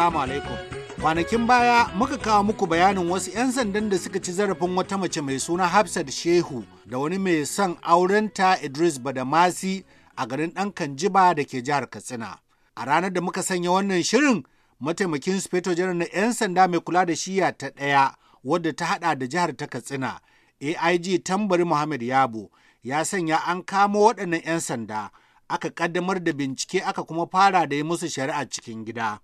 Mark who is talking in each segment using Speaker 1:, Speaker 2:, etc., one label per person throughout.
Speaker 1: Assalamu alaikum. Kwanakin baya muka kawo muku bayanin wasu 'yan sandan da suka ci zarafin wata mace mai suna Hafsat Shehu da wani mai son aurenta Idris Badamasi a garin ɗan Kanjiba da ke jihar Katsina. A ranar da muka sanya wannan shirin mataimakin Sufeto Janar na 'yan sanda mai kula da shiya ta ɗaya wadda ta hada da jihar ta Katsina AIG Tambari Muhammad Yabo ya sanya an kamo waɗannan 'yan sanda. aka kaddamar da bincike aka kuma fara da yi musu shari'a cikin gida.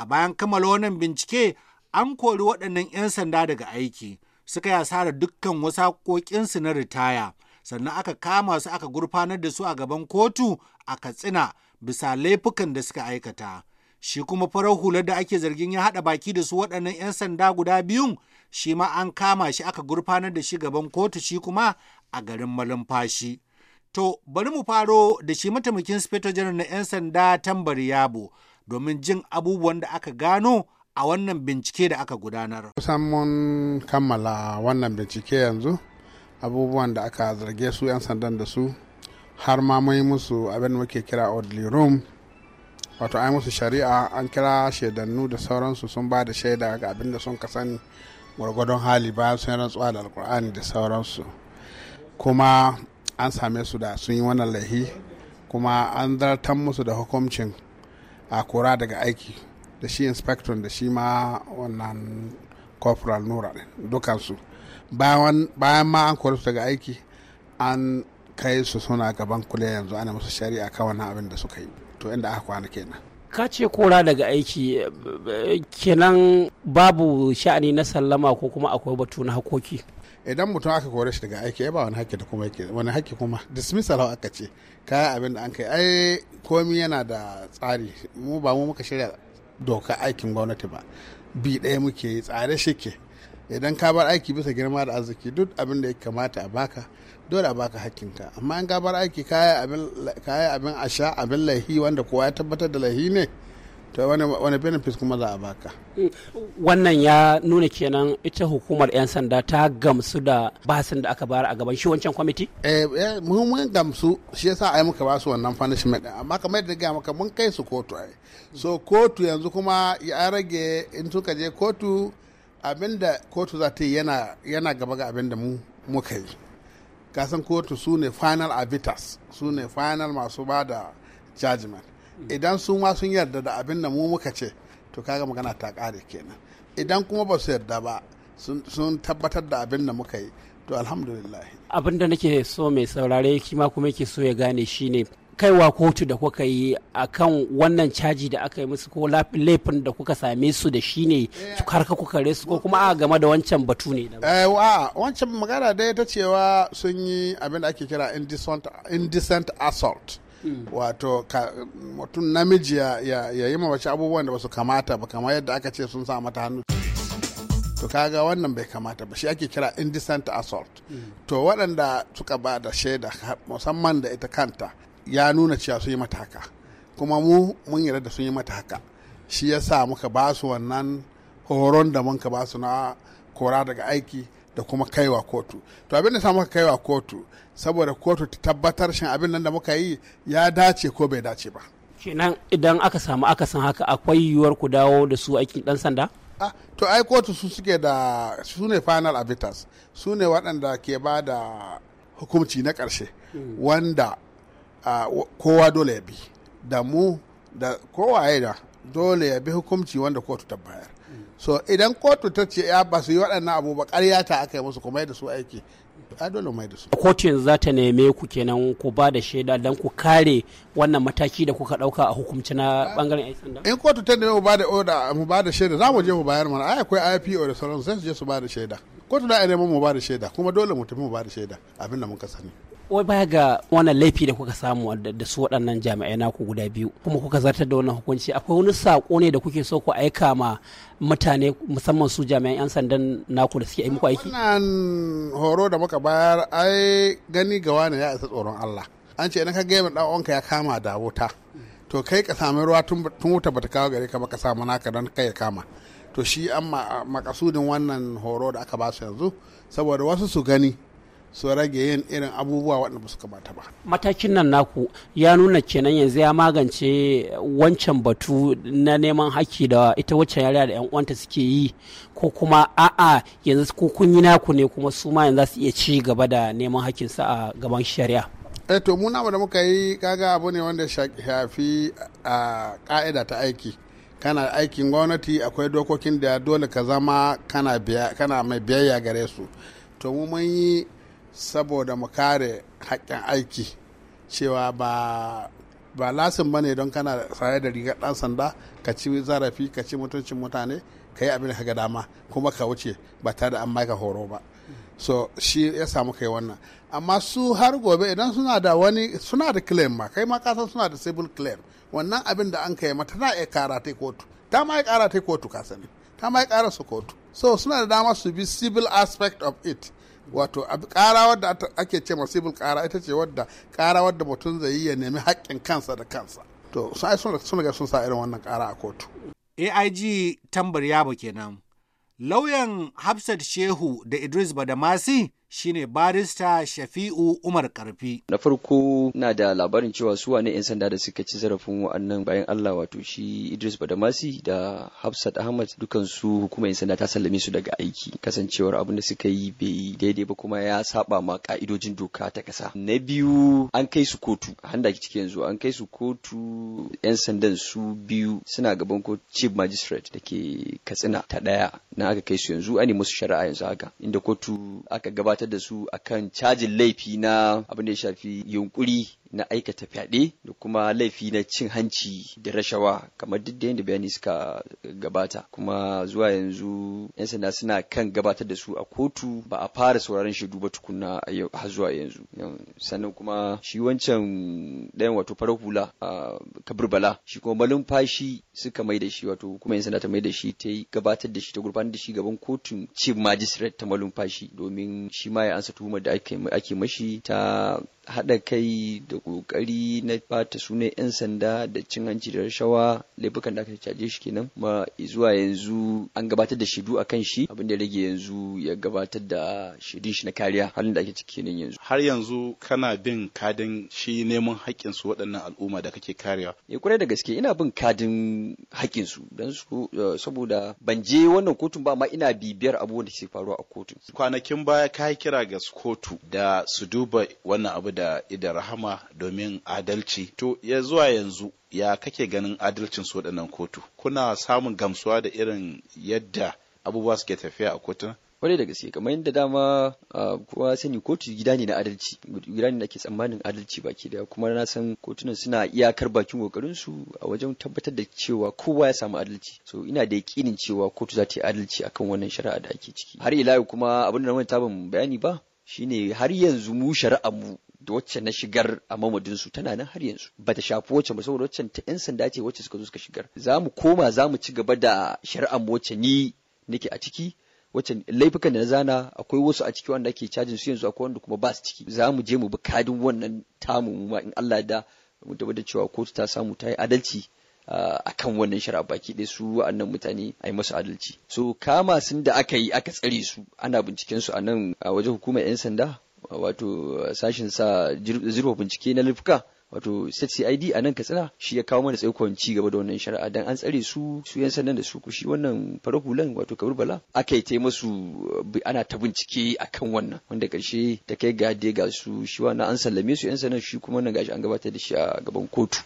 Speaker 1: a bayan kammala wannan bincike an kori waɗannan 'yan sanda daga aiki suka ya asarar dukkan wasu ƙoƙinsu na ritaya sannan aka kama su aka gurfanar da su a gaban kotu a katsina bisa laifukan da suka aikata shi kuma farar hular da ake zargin ya haɗa baki da su waɗannan 'yan sanda guda biyun shi ma an kama shi aka gurfanar da shi gaban kotu shi kuma a garin malumfashi to bari mu faro da shi mataimakin speto na 'yan sanda tambari yabo domin jin abubuwan da aka gano a wannan bincike da aka gudanar.
Speaker 2: Kusan mun kammala wannan bincike yanzu abubuwan da aka zarge su 'yan sandan da su har ma mun musu abin muke kira Audley Room wato ai musu shari'a an kira shaidannu da sauransu sun ba da shaida ga abin da sun kasani gwargwadon hali bayan sun rantsuwa da alkur'ani da sauransu kuma an same su da sun yi wannan laihi kuma an zartan musu da hukuncin a kora daga aiki da shi inspector da shi ma wannan corporal nura dukansu bayan ma an kore su daga aiki an kai su suna gaban kule yanzu ana musu shari'a kan wannan abin da suka yi to inda aka kwana kenan
Speaker 3: ka ce kora daga aiki eh, eh, kenan babu sha'ani na sallama ko kuma akwai
Speaker 2: batu na hakoki idan mutum aka kore shi daga aiki ya ba wani haƙƙi da kuma yake wani haƙƙi kuma dismissal aka ce kaya abin da an kai ai komi yana da tsari mu ba mu muka shirya doka aikin gwamnati ba bi ɗaya muke yi tsare shi ke idan ka bar aiki bisa girma da arziki duk abin da ya kamata a baka dole a baka ka. amma in ka bar aiki kaya abin a sha abin laihi wanda kowa ya tabbatar da laihi ne to
Speaker 3: wani benefits kuma za a baka wannan ya nuna kenan ita hukumar 'yan sanda ta gamsu da basin da aka bayar a gaban shi wancan kwamiti eh, eh muhimmin gamsu
Speaker 2: shi yasa ai muka basu wannan punishment amma kamar yadda ga maka mun kai su kotu ai so kotu yanzu kuma ya rage in suka je kotu abinda kotu za ta yi yana yana gaba ga abinda mu muka yi kasan kotu su ne final arbiters su ne final masu ba da judgment idan sun ma sun yarda da abin da mu muka ce to kaga magana ta ƙare kenan idan kuma ba su yarda ba sun tabbatar da abin da muka yi to alhamdulillah
Speaker 3: abin da nake so mai saurare ma kuma yake so ya gane shine kaiwa kotu da kuka yi akan wannan caji da aka yi musu ko laifin da kuka same su da shi ne eh. har ka kuka resu ko kuma a game da wancan batu ne
Speaker 2: a eh, wancan magana dai ta cewa sun yi abin da ake kira indecent assault Mm. wato mutum namiji ya yi ma abubuwan da ba su kamata ba kamar yadda aka ce sun sa mata hannu to kaga wannan bai kamata ba shi ake kira indecent assault mm. to waɗanda suka ba da shaida musamman da ita kanta ya nuna cewa sun yi mata haka kuma mu mun yarda da sun yi mata haka shi yasa muka ba su wannan horon da mun ka ba su na kora daga aiki da kuma kaiwa kotu to abin da sa muka kaiwa kotu saboda kotu ta tabbatar shin abin nan da muka yi ya dace ko bai dace ba
Speaker 3: kenan idan aka samu san haka akwai yiwuwar ku dawo da su aikin dan sanda ah, to ai kotu su
Speaker 2: suke da su ne final arbiters su ne waɗanda ke ba da hukumci na ƙarshe hmm. wanda kowa dole ya bi da mu da kowa ya da dole ya bi hukumci wanda kotu ta bayar so idan kotu ta ce ya ba su yi waɗannan abu ba ƙarya ta aka yi musu kuma yadda su aiki a dole mai da su
Speaker 3: kotu yanzu za ta neme ku kenan ku ba da shaida don ku kare wannan mataki da kuka ɗauka a hukumci na bangaren yan sanda in kotu
Speaker 2: ta neme mu ba da oda mu ba da shaida za mu je mu bayar mana ai akwai IPO da sauransu zai su je su ba da shaida kotu da neman mu ba da shaida kuma dole mu tafi mu ba da shaida abin da muka sani
Speaker 3: wai baya ga wannan laifi da kuka samu da su waɗannan jami'ai naku guda biyu kuma kuka zartar da wannan hukunci akwai wani saƙo ne da kuke so ku aika ma mutane musamman su jami'an 'yan sandan naku da suke muku aiki
Speaker 2: wannan horo da muka bayar ai gani ga wani ya isa tsoron Allah an ce na ka ga mai ɗan'uwanka ya kama da wuta to kai ka sami ruwa tun wuta bata kawo gare ka ba ka samu naka dan kai ya kama to shi an makasudin wannan horo da aka ba su yanzu saboda wasu su gani su rage yin irin abubuwa waɗanda ba su kamata ba.
Speaker 3: Matakin nan naku ya nuna kenan yanzu ya magance wancan batu na neman haƙƙi da ita wacce yariya da 'yan uwanta suke yi ko kuma a'a yanzu ko kun yi naku ne kuma su ma yanzu su iya ci gaba da neman sa a gaban shari'a. Eh to mu
Speaker 2: da muka yi kaga abu ne wanda shafi a ka'ida ta aiki. kana aikin gwamnati akwai dokokin da dole ka zama kana mai biyayya gare su to mu mun yi saboda mu kare haƙƙin aiki cewa ba ba lasin ba ne don kana saye da rigar ɗan sanda ka ci zarafi ka ci mutuncin mutane ka yi abin da dama kuma ka wuce ba tare da an maka horo ba so shi ya samu kai wannan amma su har gobe idan suna da wani suna da claim ma kai ma kasan suna da civil claim wannan abin da an kai mata tana iya kara ta kotu ta ma ya kara ta kotu ka sani ta ma ya kara su kotu so suna da dama su bi civil aspect of it wato ƙara wadda ake ce masibul ƙara ita ce wadda ƙara wadda mutum zai yi ya nemi haƙƙin kansa da kansa to sun ai sun ga sun sa irin wannan kara a kotu
Speaker 1: AIG tambar yabo kenan lauyan Hafsat Shehu da Idris Badamasi shine barista Shafi'u Umar Karfi.
Speaker 4: Na farko na da labarin cewa su wane 'yan sanda da suka ci zarafin wa'annan bayan Allah wato shi Idris Badamasi da Hafsat Ahmad dukan su hukumar 'yan sanda ta sallame su daga aiki kasancewar abin da suka yi bai daidai ba kuma ya saba ma ka'idojin doka ta kasa. Na biyu an kai su kotu handa cikin yanzu an kai su kotu 'yan sandan su biyu suna gaban ko chief magistrate da ke Katsina ta ɗaya na aka kai su yanzu an yi musu shari'a yanzu haka inda kotu aka gabata gabatar da su akan cajin laifi na abin da ya shafi yunkuri na aikata fyaɗe da kuma laifi na cin hanci da rashawa kamar duk da yadda bayani suka gabata kuma zuwa yanzu 'yan sanda suna kan gabatar da su a kotu ba a fara sauraron shaidu ba tukuna har zuwa yanzu sannan kuma shi wancan ɗayan wato farar hula a kabirbala shi kuma Fashi suka mai da shi wato kuma 'yan sanda ta mai da shi ta gabatar da shi ta gurfanar da shi gaban kotun cin magistrate ta Fashi. domin shi ma ya ansa tuhumar da ake mashi ta haɗa kai da ƙoƙari na bata sunan 'yan sanda da cin hanci da rashawa laifukan da aka caje shi kenan ma zuwa yanzu an gabatar da shaidu a kan shi abin da rage yanzu ya gabatar da shaidun shi na kariya halin da ake ciki nan yanzu
Speaker 1: har yanzu kana bin kadin
Speaker 4: shi neman haƙƙin su waɗannan al'umma da kake kariya ya eh, kurai da gaske ina bin kadin haƙƙin su dan eh, su saboda ban je wannan kotun ba amma ina bibiyar abubuwan da ke faruwa a kotun
Speaker 2: kwanakin baya ka kira ga kotu da su duba wannan abu annabi da ida rahama domin adalci to ya zuwa yanzu ya kake ganin adalcin su waɗannan kotu
Speaker 4: kuna samun gamsuwa da irin yadda abubuwa suke tafiya a kotun kwarai da gaske kamar yadda dama kuma sani kotu gida ne na adalci gida ne da ke tsammanin adalci baki daya kuma na san kotunan suna iyakar bakin kokarin su a wajen tabbatar da cewa kowa ya samu adalci so ina da yakinin cewa kotu za ta yi adalci akan wannan shari'a da ake ciki har ila kuma abin da na wani ban bayani ba shine har yanzu mu shari'a mu da wacce na shigar a mamadin su tana nan har yanzu ba ta shafi wacce ba saboda wacce ta yan sanda ce wacce suka zo suka shigar za mu koma za mu ci gaba da shari'ar wacce ni nake a ciki wacce laifukan da na zana akwai wasu a ciki wanda ake cajin su yanzu akwai wanda kuma ba su ciki za mu je mu bi kadin wannan tamu mu ma in Allah da mu tabbatar cewa kotu ta samu ta yi adalci a kan wannan shari'a baki ɗaya su wa'annan mutane a yi masu adalci so kama sun da aka yi aka tsare su ana binciken su a nan a wajen hukumar 'yan sanda wato sashin sa zirwa bincike na lifka wato set cid a nan katsina shi ya kawo mana tsaikon ci gaba da wannan shari'a dan an tsare su su yan sannan da su kushi wannan farahulan wato kabir bala aka yi masu ana ta bincike a kan wannan wanda karshe ta kai ga ga su shi wannan an sallame su yan sannan shi kuma nan gashi an gabatar da shi a gaban kotu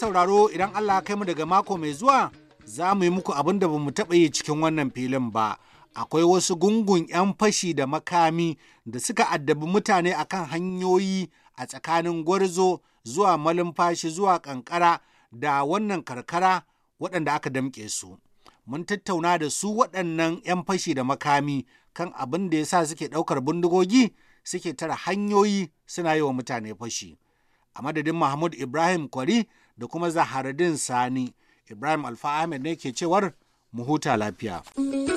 Speaker 1: sauraro idan Allah kai mu daga mako mai zuwa za mu yi muku abin da ba mu taɓa yi cikin wannan filin ba. Akwai wasu gungun 'yan fashi da makami da suka addabi mutane akan hanyoyi a tsakanin gwarzo zuwa malumfashi zuwa kankara da wannan karkara waɗanda aka damƙe su. Mun tattauna da su waɗannan 'yan fashi da makami kan abin da ya sa suke ɗaukar bindigogi suke tara hanyoyi suna yi wa mutane fashi. A madadin Mahmud Ibrahim Kwari da kuma zaharadin sani ibrahim alfa ahmed ne ke cewar mu huta lafiya.